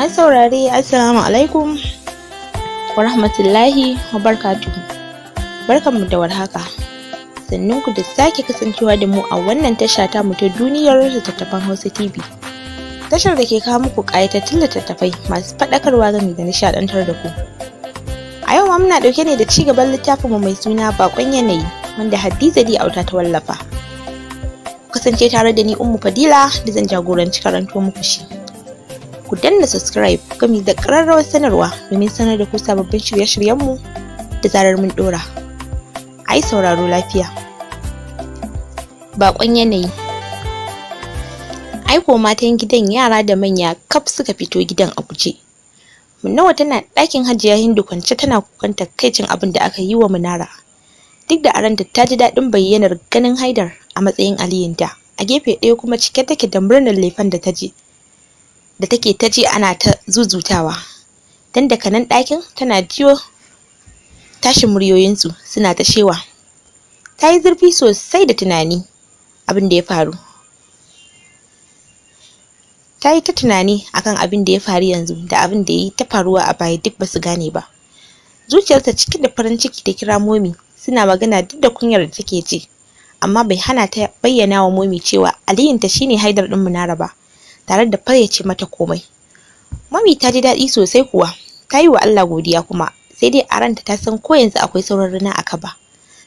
A saurare Assalamu alaikum wa rahmatullahi wa barkatuhu. Barkanmu da warhaka. Sannunku da sake kasancewa da mu a wannan tasha ta mu ta duniyar tattafan Hausa TV. Tashar da ke kawo muku ƙayatattun littattafai masu faɗakarwa gami da nishaɗantar da ku. A yau muna ɗauke ne da ci gaban littafinmu mai suna Bakon Yanayi wanda Hadiza Di Auta ta wallafa. Ku kasance tare da ni Ummu Fadila da zan jagoranci karanto muku shi. ku danna subscribe gami da ƙararrawar sanarwa domin sanar da ku sababbin shirye-shiryenmu da zarar mun ɗora. A sauraro lafiya. Baƙon yanayi. Aiko matan gidan yara da manya kaf suka fito gidan a guje. Munawa tana ɗakin hajiya Hindu kwance tana kukan takaicin abin da aka yi wa Munara. Duk da aranta ta ji daɗin bayyanar ganin Haidar a matsayin aliyinta, a gefe ɗaya kuma cike take da murnar lefen da ta je. da take ta ji ana ta zuzutawa dan daga nan ɗakin tana jiyo tashin muryoyinsu suna ta shewa ta yi zurfi sosai da tunani abin da ya faru ta yi ta tunani akan abin da ya faru yanzu da abin da ya yi ta faruwa a baya duk basu gane ba zuciyarta cike da farin ciki ta kira momi suna magana duk da kunyar da take ji amma bai hana ta bayyana wa momi cewa aliyunta shine haidar ɗin munara ba tare da fayyace mata komai mami ta ji daɗi sosai kuwa ta yi wa Allah godiya kuma sai dai a ranta ta san ko yanzu akwai sauran rana a kaba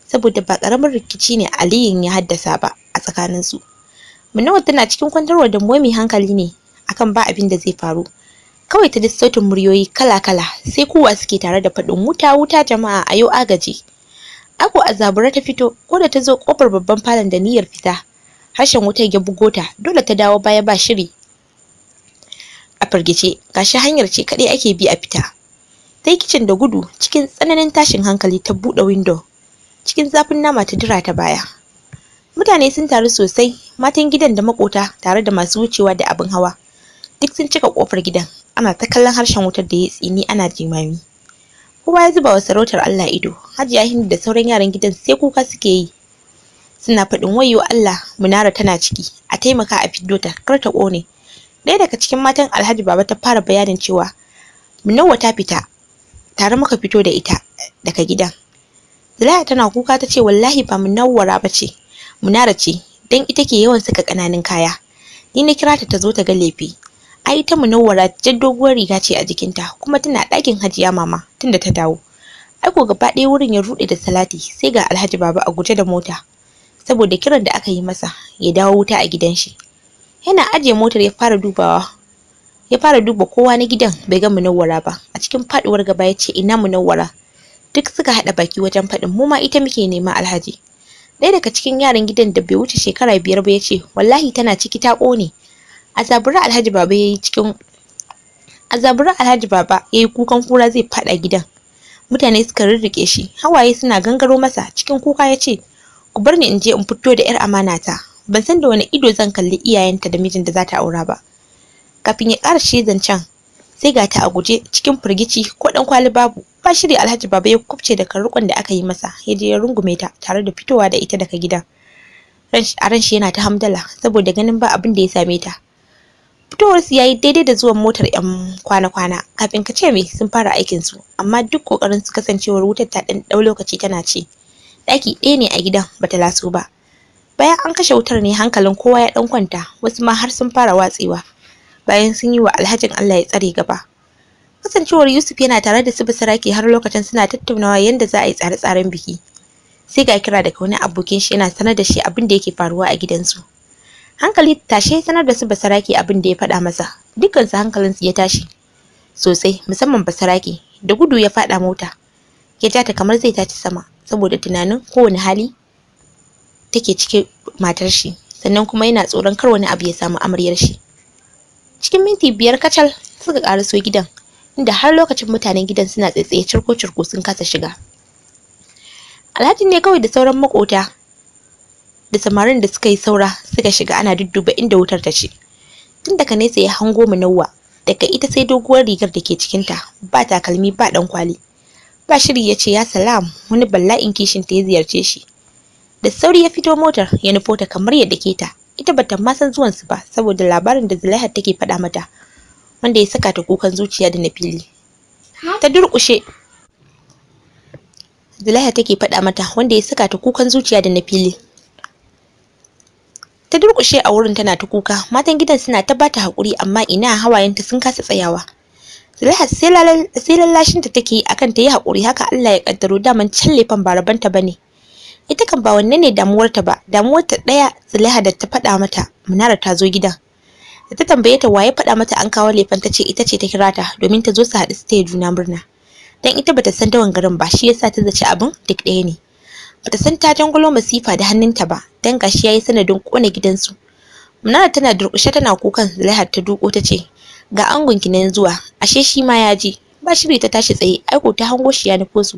saboda ba ƙaramin rikici ne Aliyin ya haddasa ba a tsakanin tsakaninsu Munawa tana cikin kwantarwa da mami hankali ne akan ba abin da zai faru kawai ta ji sautin muryoyi kala-kala sai kowa suke tare da faɗin wuta wuta jama'a a yau agaji ako a zabura ta fito ko da ta zo kofar babban falon da niyyar fita harshen wutar ya bugo ta dole ta dawo baya ba shiri a firgice gashi hanyar ce kaɗai ake bi a fita tai kicin da gudu cikin tsananin tashin hankali ta buɗe window cikin zafin nama ta dira ta baya mutane sun taru sosai matan gidan da makota tare da masu wucewa da abin hawa duk sun cika kofar gidan ana ta kallon harshen wutar da ya tsini ana jimami kowa ya zuba wa sarautar Allah ido hajiya hindu da sauran yaran gidan sai kuka suke yi suna faɗin wayo Allah munara tana ciki a taimaka a fiddo ta kar ta kone. ɗaya daga cikin matan alhaji baba ta fara bayanin cewa munawwa ta fita tare muka fito da ita daga gidan zulaiha tana kuka ta ce wallahi ba munawwara ba ce munara ce dan ita ke yawan saka ƙananan kaya ni na kira ta ta zo ta ga lefe ai ta munawwara jar doguwar riga ce a jikinta kuma tana ɗakin hajiya mama tunda ta dawo aiko gaba ɗaya wurin ya ruɗe da salati sai ga alhaji baba a guje da mota saboda kiran da aka yi masa ya dawo wuta a gidan shi yana ajiye motar ya fara dubawa ya fara duba kowa na gidan bai ga munawwara ba a cikin faduwar gaba ya ce ina munawwara duk suka haɗa baki wajen faɗin mu ma ita muke nema alhaji ɗaya daga cikin yaran gidan da bai wuce shekara biyar ba ya ce wallahi tana ciki ta kone. a alhaji baba ya yi cikin alhaji baba ya kukan kura zai faɗa gidan mutane suka rirrike shi hawaye suna gangaro masa cikin kuka ya ce ku bar ni in je in fito da 'yar amana ta ban san da wani ido zan kalli iyayenta da mijin da za ta aura ba kafin ya ƙara ƙarshe zancen sai ga ta a guje cikin firgici ko ɗan kwali babu ba shirya alhaji baba ya kubce da karrukon da aka yi masa ya je ya rungume ta tare da fitowa da ita daga gidan a ran shi yana ta hamdala saboda ganin ba abin da ya same ta fitowar su yayi daidai da zuwan motar yan kwana-kwana kafin ka ce mai sun fara aikin su amma duk kokarin su kasancewar wutar ta dan dau lokaci tana ce. daki ɗaya ne a gidan bata laso ba bayan an kashe wutar ne hankalin kowa ya dan kwanta wasu ma har sun fara watsewa bayan sun yi wa alhajin Allah ya tsare gaba kasancewar Yusuf yana tare da su basaraki har lokacin suna tattaunawa yadda za a yi tsare-tsaren biki sai ga kira daga wani abokin shi yana sanar da shi abin da yake faruwa a gidansu hankali tashe sanar da su basaraki abin da ya faɗa masa dukkansu hankalinsu ya tashi sosai musamman basaraki da gudu ya faɗa mota ya ta kamar zai tashi sama saboda tunanin kowane hali take cike matar shi sannan kuma yana tsoron kar wani abu ya samu amaryar shi cikin minti biyar kacal suka so gidan inda har lokacin mutanen gidan suna tsaitsaye cirko-cirko sun kasa shiga alhaji ne kawai da sauran makota da samarin da suka yi saura suka shiga ana dudduba inda wutar ta ce tun daga nesa ya hango munawwa daga ita sai doguwar rigar da ke cikinta ba takalmi ba dan kwali ba shiri ya ce ya salam wani bala'in kishin ta ya ziyarce shi da sauri ya fito motar ya nufo ta kamar yadda ke ta ita bata ma san zuwan su ba saboda labarin da Zulaiha take faɗa mata wanda ya saka ta kukan zuciya da na fili ta durƙushe Zulaiha take faɗa mata wanda ya saka ta kukan zuciya da na fili ta durƙushe a wurin tana ta kuka matan gidan suna ta bata haƙuri amma ina hawayenta sun kasa tsayawa Zulaiha sai lallashin ta take akan ta yi haƙuri haka Allah ya kaddaro daman can lefan barabanta bane ita kan ba wanne ne damuwar ta ba damuwar ta ɗaya zulaiha da ta faɗa mata munara ta zo gidan da ta tambaye ta waye faɗa mata an kawo lefan ta ce ita ce ta kira ta domin ta zo su haɗu su taya juna murna dan ita bata san dawan garin ba shi yasa ta zaci abin duk ɗaya ne bata san ta jangulo masifa da hannunta ba dan gashi yayi sanadin kona gidansu munara tana durkushe tana kukan zulaiha ta duko ta ce ga angon ki nan zuwa ashe shi ma ya je ba shi bai ta tashi tsaye aiko ta hango shi ya nufo su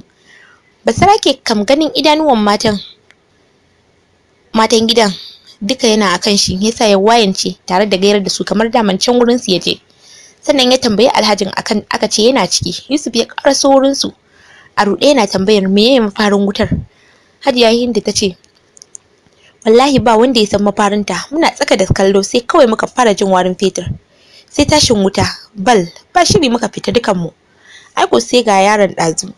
Ba basarake kam ganin idanuwan matan matan gidan duka yana akan shi yasa ya wayance tare da gairar da su kamar daman can wurin su je. sannan ya tambayi alhajin akan aka ce yana ciki yusuf ya karaso wurin su a ruɗe yana tambayar me yayin mafarin wutar hajiya hinda ta ce wallahi ba wanda ya san mafarinta muna tsaka da kallo sai kawai muka fara jin warin fetur sai tashin wuta bal ba shiri muka fita dukanmu ai ko sai ga yaron ɗazu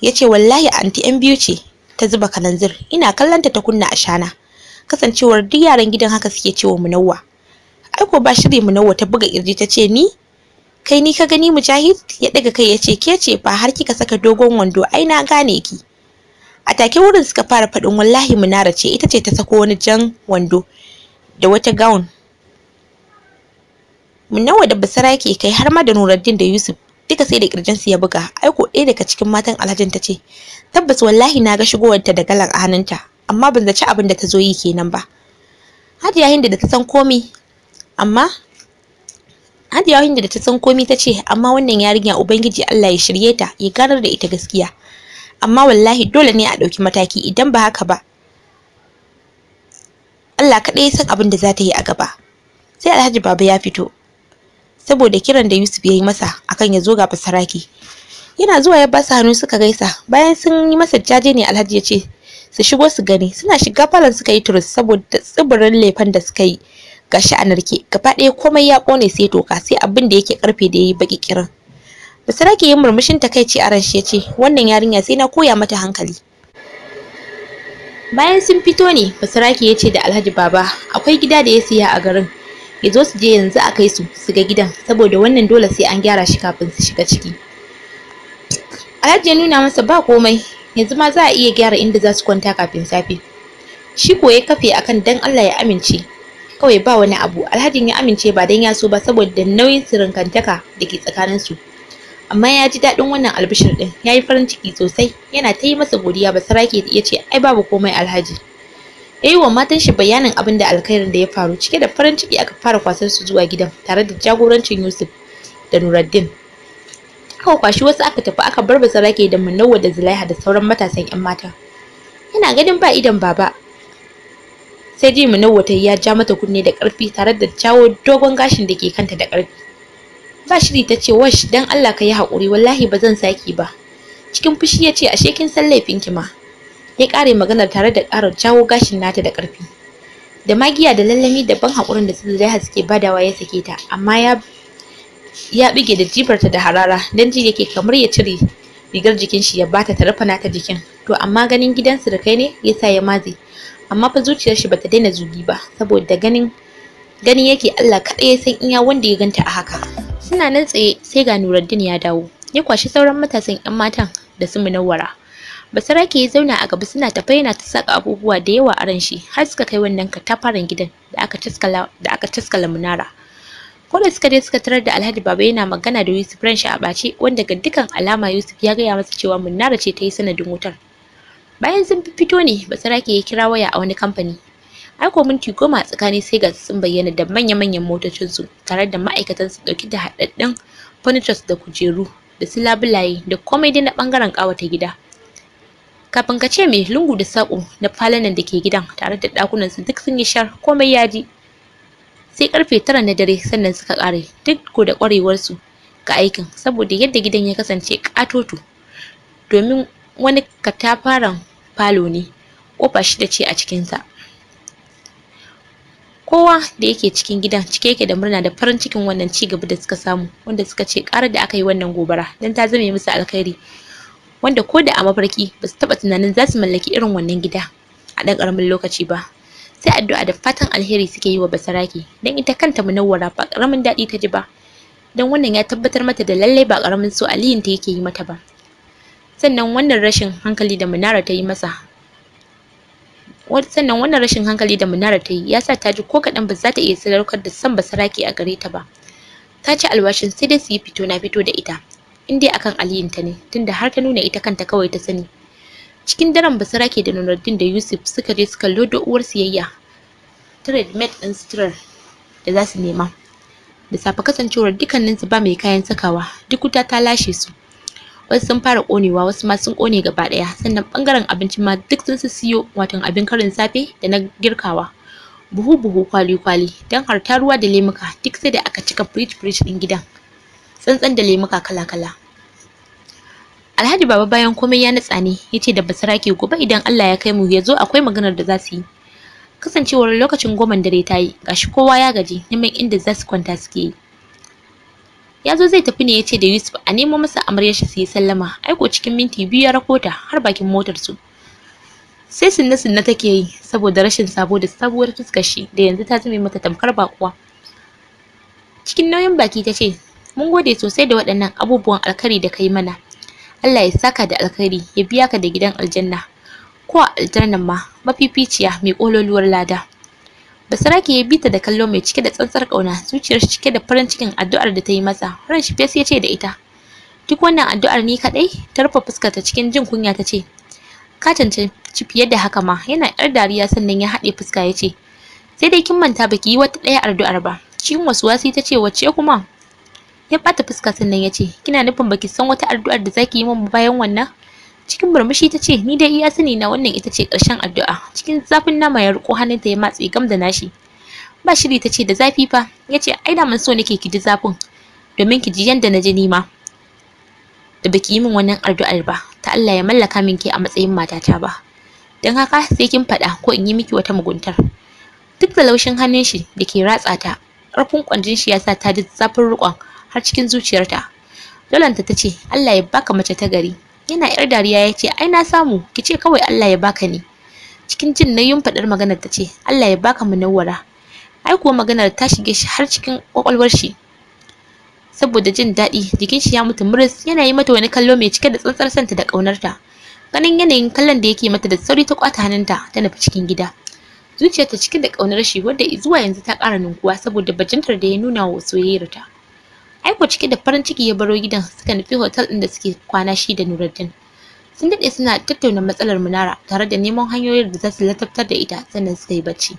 ya ce wallahi anti yan biyu ce ta zuba kananzir ina kallanta ta kunna ashana kasancewar duk yaran gidan haka suke cewa munawwa ai ko ba shiri munawwa ta buga kirji ta ce ni kai ni ka gani mujahid ya daga kai ya ce ke ce fa har kika saka dogon wando ai na gane ki a take wurin suka fara faɗin wallahi munara ce ita ce ta sako wani jan wando da wata gown munawwa da basara ke kai har ma da nuruddin da yusuf duka sai da kirjinsu ya buga aiko ɗaya daga cikin matan alhajin ta ce tabbas wallahi na ga shigowarta da galar a hannunta amma ban zaci abin da ta zo yi kenan ba hadiya hinda da ta san komi amma hadiya hinda da ta san komi ta ce amma wannan yarinya ubangiji Allah ya shirye ta ya ganar da ita gaskiya amma wallahi dole ne a ɗauki mataki idan ba haka ba Allah kaɗai ya san abin da za ta yi a gaba sai alhaji baba ya fito saboda kiran da Yusuf ya yi masa akan ya zo ga basaraki yana zuwa ya ba su hannu suka gaisa bayan sun yi masa jaje ne Alhaji ya ce su shigo su gani suna shiga falon suka yi turus saboda tsibirin lefen da suka yi gashi a narke gaba ɗaya komai ya kone sai toka sai abin da yake karfe da yayi baki kiran basaraki yin murmushin takaici a ran shi ya ce wannan yarinya sai na koya mata hankali bayan sun fito ne basaraki ya ce da alhaji baba akwai gida da ya siya a garin ya zo su je yanzu a kai su su ga gidan saboda wannan dole sai an gyara shi kafin su shiga ciki alhaji ya nuna masa ba komai yanzu ma za a iya gyara inda za su kwanta kafin safe shi ko ya kafe akan dan Allah ya amince kawai ba wani abu alhajin ya amince ba dan ya so ba saboda nauyin sirinkantaka da ke tsakanin su amma ya ji daɗin wannan albishir ɗin ya yi farin ciki sosai yana ta yi masa godiya ba sarake ya ce ai babu komai alhaji ya wa matan shi bayanin abin da alkhairin da ya faru cike da farin ciki aka fara kwasar su zuwa gidan tare da jagorancin yusuf da nuruddin aka kwashi wasu aka tafi aka bar basarake da munawwa da zulaiha da sauran matasan yan mata yana ganin ba idan baba sai ji munawwa ta ya ja mata kunne da ƙarfi tare da jawo dogon gashin da ke kanta da ƙarfi. ba shiri ta ce wash dan Allah ka yi haƙuri wallahi ba zan saki ba cikin fushi ya ce ashe kin san laifin ki ma ya ƙare maganar tare da karar jawo gashin nata da karfi da magiya da lallami da ban hakurin da Zulaiha suke badawa ya sake ta amma ya ya bige da jifarta da harara dan ji yake kamar ya cire rigar jikin shi ya bata ta rufe nata jikin to amma ganin gidan kai ne yasa ya maze amma fa zuciyar shi bata daina zugi ba saboda ganin gani yake Allah kaɗai ya san iya wanda ya ganta a haka suna nan tsaye sai ga Nuruddin ya dawo ya kwashi sauran matasan 'yan matan da su munawwara basarake ya zauna a gaba suna tafa yana ta saka abubuwa da yawa a ran shi har suka kai wannan katafaren gidan da aka taskala da aka taskala munara ko da suka je suka tarar da alhaji baba yana magana da yusuf ran shi a bace wanda ga dukkan alama yusuf ya gaya masa cewa munara ce ta yi sanadin wutar bayan sun fito ne basarake ya kira waya a wani kamfani ai ko minti goma a tsakani sai ga sun bayyana da manya-manyan motocinsu tare da ma'aikatan su dauki da haɗaɗɗen furnitures da kujeru da silabulaye da komai dai na bangaren ƙawata gida kafin ka ce mai lungu da saƙo na falonan da ke gidan tare da ɗakunan su duk sun yi shar komai ya sai karfe tara na dare sannan suka kare duk ko da su ga aikin saboda yadda gidan ya kasance ƙatoto domin wani katafaren falo ne ƙofa shida ce a cikinsa kowa da yake cikin gidan cike yake da murna da farin cikin wannan ci gaba da suka samu wanda suka ce ƙarar da aka yi wannan gobara don ta zame musu alkhairi wanda ko da a mafarki ba su taɓa tunanin za su mallaki irin wannan gida a ɗan ƙaramin lokaci ba sai addu'a da fatan alheri suke yi wa basaraki don ita kanta munawwara ba ƙaramin daɗi ta ji ba don wannan ya tabbatar mata da lallai ba ƙaramin so aliyin ta yake yi mata ba sannan wannan rashin hankali da munara ta yi masa sannan wannan rashin hankali da munara ta yi ya sa ta ji ko kaɗan ba za ta iya sadaukar da son basaraki a gare ta ba ta ci alwashin sai dai su yi fito na fito da ita in dai akan aliyinta ne tunda har ta nuna ita kanta kawai ta sani cikin daren basira ke da nunardin da yusuf suka je suka lodo uwar siyayya trade mate ɗin suturar da za su nema da safe kasancewar su ba mai kayan sakawa duk wuta ta lashe su wasu sun fara konewa wasu ma sun kone gaba daya sannan bangaren abinci ma duk sun su siyo watan abin karin safe da na girkawa buhu buhu kwali kwali don har ta ruwa da lemuka duk sai da aka cika fridge fridge din gidan tsantsan da lemuka kala-kala Alhaji Baba bayan komai ya nutsa ne ce da ke gobe idan Allah ya kai mu ya zo akwai maganar da za su yi kasancewar lokacin goman dare ta yi gashi kowa ya gaji neman inda za su kwanta suke yi ya zo zai tafi ne ya ce da yusuf a nemo masa amaryar shi su yi sallama aiko cikin minti biyu ya rakota har bakin motarsu. su sai sinna sinna take yi saboda rashin sabo da sabuwar fuskar shi da yanzu ta zame mata tamkar bakuwa cikin nauyin baki ta ce mun gode sosai da waɗannan abubuwan alkhairi da kai mana Allah ya saka da alkhairi ya biya ka da gidan aljanna ko a aljannan ma mafificiya mai ƙololuwar lada Basarake ya bita da kallo mai cike da tsantsar ƙauna zuciyar shi cike da farin cikin addu'ar da ta yi masa ran shi fes ya ce da ita duk wannan addu'ar ni kaɗai ta rufe fuskar ta cikin jin kunya ta ce ka cancanci fiye da haka ma yana yar dariya sannan ya haɗe fuska ya ce sai dai kin manta baki yi wata ɗaya addu'ar ba cikin wasu wasi ta ce wacce kuma ya bata fuska sannan ya ce kina nufin baki san wata addu'ar da zaki yi min bayan wannan cikin murmushi ta ce ni dai iya sani na wannan ita ce ƙarshen addu'a cikin zafin nama ya riko hannunta ya matse gam da nashi ba shiri ta ce da zafi fa ya ce ai da mun so nake ki ji zafin domin ki ji yanda na ji nima da baki yi min wannan addu'ar ba ta Allah ya mallaka min ke a matsayin matata ba don haka sai kin faɗa ko in yi miki wata muguntar duk da laushin hannun shi da ke ratsa ta ƙarfin ƙwanjin shi ya sa ta ji zafin riƙon har cikin zuciyarta dolanta ta ce Allah ya baka mace ta gari yana yar dariya ya ce ai na samu ki ce kawai Allah ya baka ne cikin jin nayin faɗar maganar ta ce Allah ya baka munawwara ai kuwa maganar ta shige shi har cikin kwakwalwar shi saboda jin daɗi jikin shi ya mutu muris yana yi mata wani kallo mai cike da tsantsar santa da ƙaunarta ganin yanayin kallon da yake mata da sauri ta kwata hannunta ta nufi cikin gida zuciyarta cike da ƙaunar shi wadda zuwa yanzu ta ƙara ninkuwa saboda bajintar da ya nuna wa soyayyarta Aiko cike da farin ciki ya baro gidan suka nufi hotel ɗin da suke kwana shi da Nuruddin. Sun daɗe suna tattauna matsalar Munara tare da neman hanyoyin da za su latabtar da ita sannan suka yi bacci.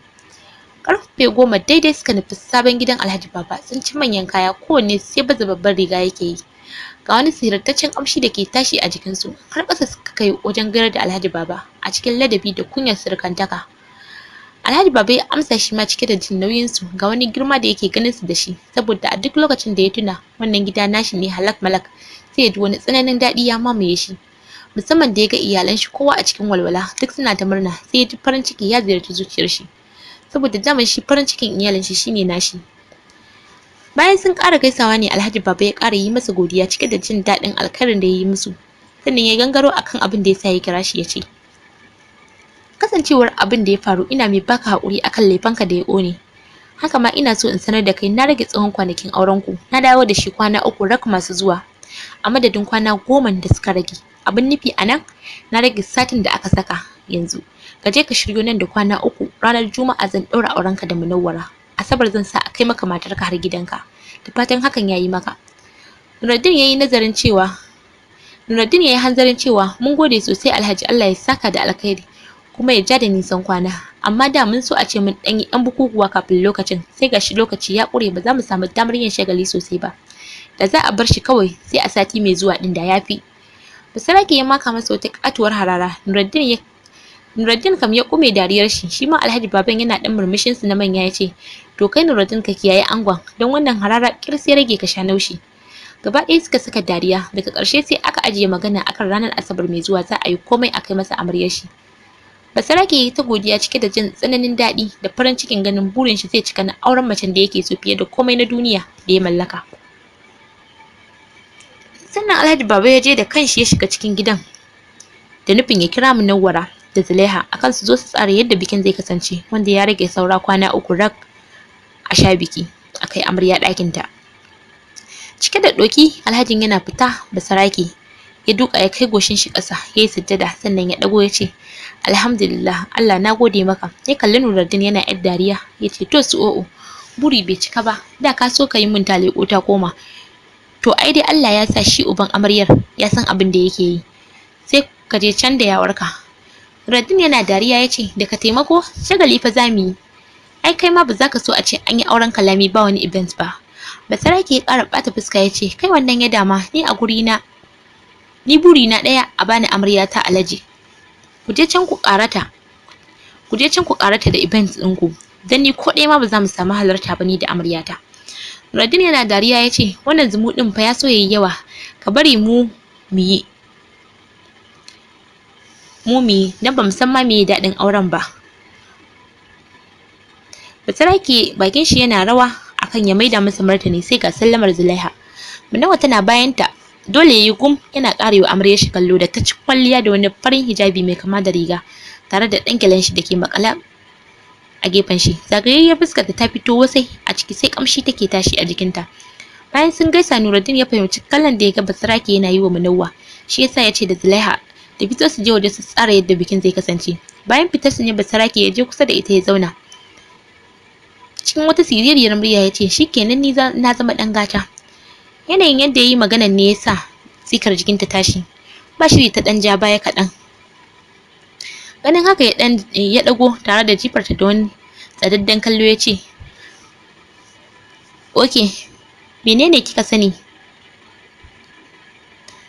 Karfe goma daidai suka nufi sabon gidan Alhaji Baba sun ci manyan kaya kowanne sai baza babban riga yake yi. Ga wani sirataccen amshi da ke tashi a jikinsu har ƙasa suka kai wajen gayar da Alhaji Baba a cikin ladabi da kunyar surkantaka. Alhaji Baba ya amsa shi ma cike da jin nauyin su ga wani girma da yake ganin su da shi saboda a duk lokacin da ya tuna wannan gida nashi ne halak malak sai ya ji wani tsananin daɗi ya mamaye shi musamman da ya ga iyalan shi kowa a cikin walwala duk suna ta murna sai ya ji farin ciki ya ziyarci zuciyar shi saboda daman shi farin cikin iyalin shi shine nashi bayan sun ƙara gaisawa ne Alhaji Baba ya ƙara yi masa godiya cike da jin daɗin alkarin da ya yi musu sannan ya gangaro akan abin da ya sa ya kira shi ya ce kasancewar abin da ya faru ina mai baka haƙuri akan laifanka da ya ƙone haka ma ina so in sanar da kai na rage tsawon kwanakin aurenku na dawo da shi kwana uku rak masu zuwa a madadin kwana goma da suka rage abin nufi a nan na rage satin da aka saka yanzu ka je ka shiryo nan da kwana uku ranar juma'a zan ɗaura aurenka da munawwara asabar zan sa a kai maka matarka har gidanka da fatan hakan yayi maka Nuruddin yayi nazarin cewa Nuruddin yayi hanzarin cewa mun gode sosai Alhaji Allah ya saka da alkhairi kuma ya ja da nisan kwana amma da mun so a ce mun ɗan yi yan bukukuwa kafin lokacin sai gashi lokaci ya ƙure ba za mu samu damar yin shagali sosai ba da za a bar shi kawai sai a sati mai zuwa din da yafi basarake ya maka masa wata katuwar harara nuruddin ya Nuruddin kam ya kume dariyar shi shi ma Alhaji Baban yana dan murmushin su na manya yace to kai Nuruddin ka kiyaye angon don wannan harara sai rage ka sha naushi gaba ɗaya suka saka dariya daga ƙarshe sai aka ajiye magana akan ranar Asabar mai zuwa za a yi komai a kai masa amaryar shi basaraki yayi ta godiya cike da jin tsananin daɗi da farin cikin ganin burin shi zai cika na auren macen da yake so fiye da komai na duniya da ya mallaka sannan alhaji baba ya je da kanshi ya shiga cikin gidan da nufin ya kira mu da zulaiha akan su zo su tsara yadda bikin zai kasance wanda ya rage saura kwana uku rak a sha biki akai amarya ɗakinta cike da ɗoki alhajin yana fita basaraki ya duka ya kai goshin shi ƙasa ya yi sujjada sannan ya ɗago ya ce alhamdulillah Allah na gode maka ya kalli Nuruddin yana yar dariya ya ce to su o'o buri bai cika ba da ka so ka yi min taleko ta koma to ai dai Allah ya sa shi uban amaryar ya san abin da yake yi sai ka je can da yawarka Nuruddin yana dariya ya ce ka taimako shagali fa za mu yi ai kai ma ba za ka so a ce an yi auren kalami ba wani event ba basarake ya ƙara ɓata fuska ya ce kai wannan ya dama ni a guri na ni buri na ɗaya a bani amarya ta alaji ku can ku karata ku can ku karata da event ɗinku dan ni ko ɗaya ma ba za mu samu halarta ba ni da amaryata Radin yana dariya ya ce wannan zumu ɗin fa ya so yayi yawa ka bari mu mu yi mu mu dan ba mu san ma me daɗin auren ba Basarake bakin shi yana rawa akan ya maida masa martani sai ga sallamar Zulaiha Munawa tana bayanta dole yi gum yana karewa amarya shi kallo da ta ci kwalliya da wani farin hijabi mai kama da riga tare da dan gelen shi dake makala a gefen shi zagayayyar fuskar ta fito wasai a ciki sai kamshi take tashi a jikinta bayan sun gaisa Nuruddin ya fahimci kallon da ya ga Basrake yana yi wa Munawwa shi yasa ya ce da Zulaiha da fito su je waje su tsara yadda bikin zai kasance bayan fitar su ne Basrake ya je kusa da ita ya zauna cikin wata siririyar murya ya ce shikenan ni na zama dan gata yanayin yadda ya yi maganan ne ya sa jikin ta tashi ba shi ta dan ja baya kaɗan ganin haka ya dan ya ɗago tare da jifarta da wani tsadaddan kallo ya ce oke menene kika sani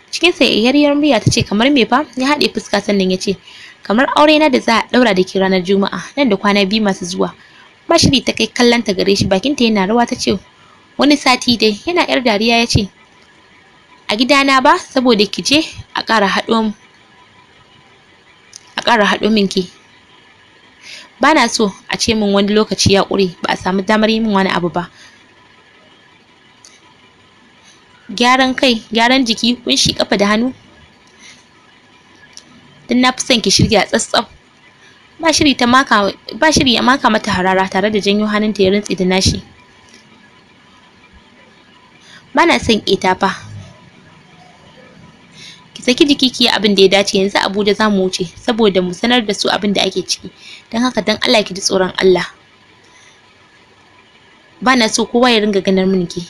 cikin sayayyar murya ta ce kamar me fa ya haɗe fuska sannan ya ce kamar aure na da za a ɗaura da ke ranar juma'a nan da kwana biyu masu zuwa ba shiri ta kai kallon ta gare shi bakinta yana rawa ta ce wani sati dai yana yar dariya yace ce a gidana ba saboda ki je a ƙara haɗo a ƙara haɗo min ki ba so a ce min wani lokaci ya ƙure ba a samu damar yin min wani abu ba gyaran kai gyaran jiki kunshi ƙafa da hannu don na fi son ki shirya tsatstsaf ba shiri ta maka ba shiri ya maka mata harara tare da janyo hannunta ya rintse da nashi bana son ita fa ki saki jiki ki yi abin da ya dace yanzu Abuja za mu wuce saboda mu sanar da su abin da ake ciki don haka don Allah ki ji tsoron Allah bana so kowa ya ringa ganar min ki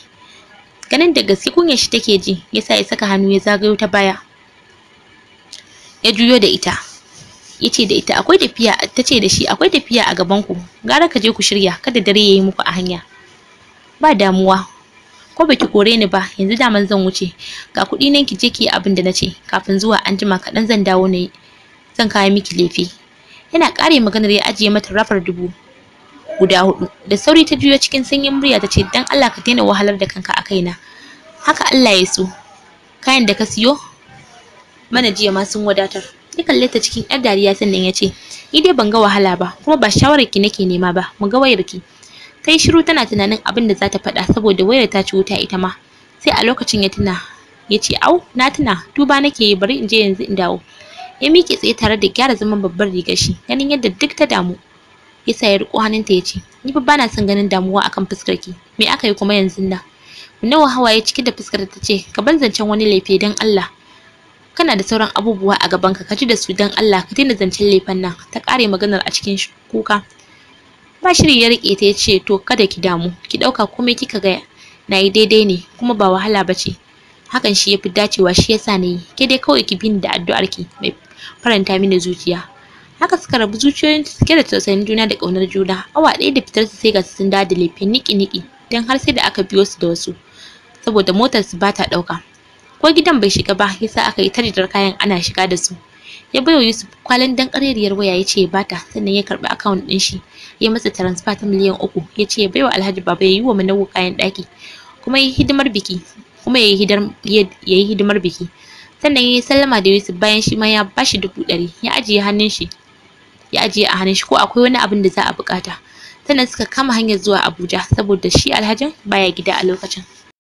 ganin da gaske kunyar shi take ji yasa ya saka hannu ya zagayo ta baya ya juyo da ita yace da ita akwai tafiya tace da shi akwai tafiya a gaban ku gara ka je ku shirya kada dare ya yi muku a hanya ba damuwa ko baki kore ni ba yanzu da man zan wuce ga kuɗi nan ki je ki abin da nace kafin zuwa an jima kaɗan zan dawo ne zan kawo miki lefe yana ƙare maganar ya ajiye mata rafar dubu guda hudu da sauri ta juyo cikin sanyin murya ta ce dan Allah ka daina wahalar da kanka a kaina haka Allah ya so kayan da ka siyo mana jiya ma sun wadatar ya kalle ta cikin yar dariya sannan ya ce ni dai ban ga wahala ba kuma ba shawarar ki nake nema ba mu ga wayarki. ki ta yi shiru tana tunanin abin da za ta faɗa saboda wayar ta ci wuta ita ma sai a lokacin ya tuna ya ce au na tuna duba nake yi bari in je yanzu in dawo ya miƙe tsaye tare da gyara zaman babbar riga shi ganin yadda duk ta damu Ya sa ya riƙo hannunta ya ce ni fa bana son ganin damuwa akan fuskar ki me aka yi kuma yanzu nan nawa ya cike da fuskar ta ce ka ban zancen wani laifi don Allah kana da sauran abubuwa a gaban ka ka ji da su don Allah ka daina zancen laifin nan ta kare maganar a cikin kuka Ba shirin ya rike ta ya ce to kada ki damu ki ɗauka komai kika ga nayi daidai ne kuma ba wahala ba ce hakan shi ya dacewa shi yasa na yi ke dai kawai ki bin da addu'ar ki mai faranta mini zuciya haka suka rabu zuciyoyin suke da tausayin juna da kaunar juna awa ɗaya da fitar su sai ga sun dawo da laifin niki-niki don har sai da aka biyo su da wasu saboda motar su bata ɗauka ko gidan bai shiga ba yasa aka yi ta kayan ana shiga da su ya baiwa Yusuf kwalin dan ƙarerriyar waya ya ce ya bata sannan ya karbi account din shi ya masa transfer ta miliyan uku ya ce ya baiwa Alhaji Baba ya yi wa Manawu kayan ɗaki kuma ya yi hidimar biki kuma ya yi hidimar biki sannan ya yi sallama da Yusuf bayan shi ma ya bashi dubu ɗari ya ajiye hannun shi ya ajiye a hannun shi ko akwai wani abin da za a buƙata sannan suka kama hanyar zuwa Abuja saboda shi Alhajin baya gida a lokacin